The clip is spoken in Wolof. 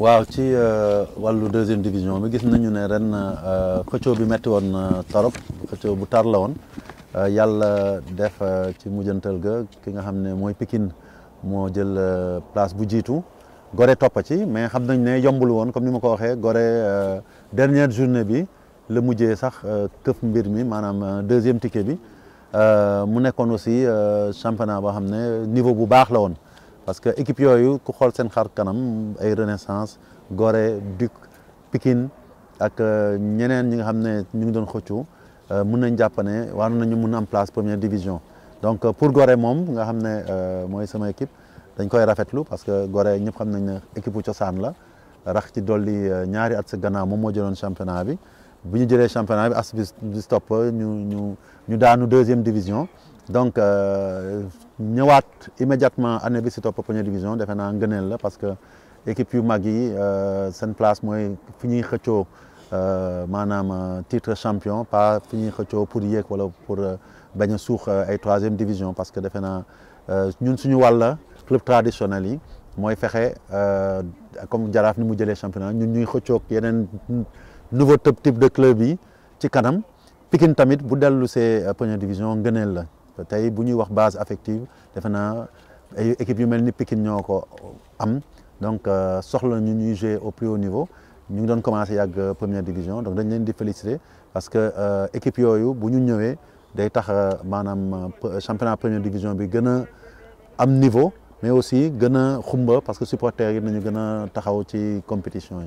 waaw ci euh, wàllu deuxième division bi gis nañu ne ren euh, xëccoo bi metti woon euh, torop xëccoo bu tar la woon yàlla def ci mujjantal ga ki nga xam ne mooy pikin moo jël place bu jiitu gore toppa ci mais xam nañ ne yombul woon comme ni ma ko waxee Gorée dernière journée bi la mujjee sax këf mbir mi maanaam deuxième ticket bi mu nekkoon aussi championnat boo xam ne niveau bu baax la woon parce que équipe yoyu ku xol sen xar kanam ay Renaissance Gorée Duc Pikine ak euh, ñeneen ñi nga xam ñu ngi doon xëccu euh, mën nañ jàpp ne war nañu mën am place première division donc euh, pour Gorée mom nga xam moy sama équipe dañ koy rafetlu parce que Gorée ñëpp xam nañ ne équipe bu cosaan la rax ci doli ñaari at sa gannaaw moom mo jëloon championnat bi bu ñu jëlee championnat bi as bi stop ñu ñu ñu daanu deuxième division donc euh, ñëwaat immédiatement année bi si première division defe naa ngëneel la parce que équipe yu Magui, yi euh, seen place mooy fi ñuy xëccoo euh, mon titre champion pas fini ñuy pour yéeg wala pour bañ a suux troisième division parce que defe naa ñun suñu club traditionnel yi mooy fexe comme jaraaf ni mu jëlee championnat ñun ñuy a un nouveau type de club yi ci kanam Pikine tamit bu dellu see première division ngëneel la tay si base affective et équipe yu donc euh, soxla ñu ñuy au plus haut niveau nous ngi commencer avec la première division donc dañ leen di parce que euh, équipe yooyu bu ñu day tax euh, championnat première division bi am niveau mais aussi gën parce que supporters yi compétition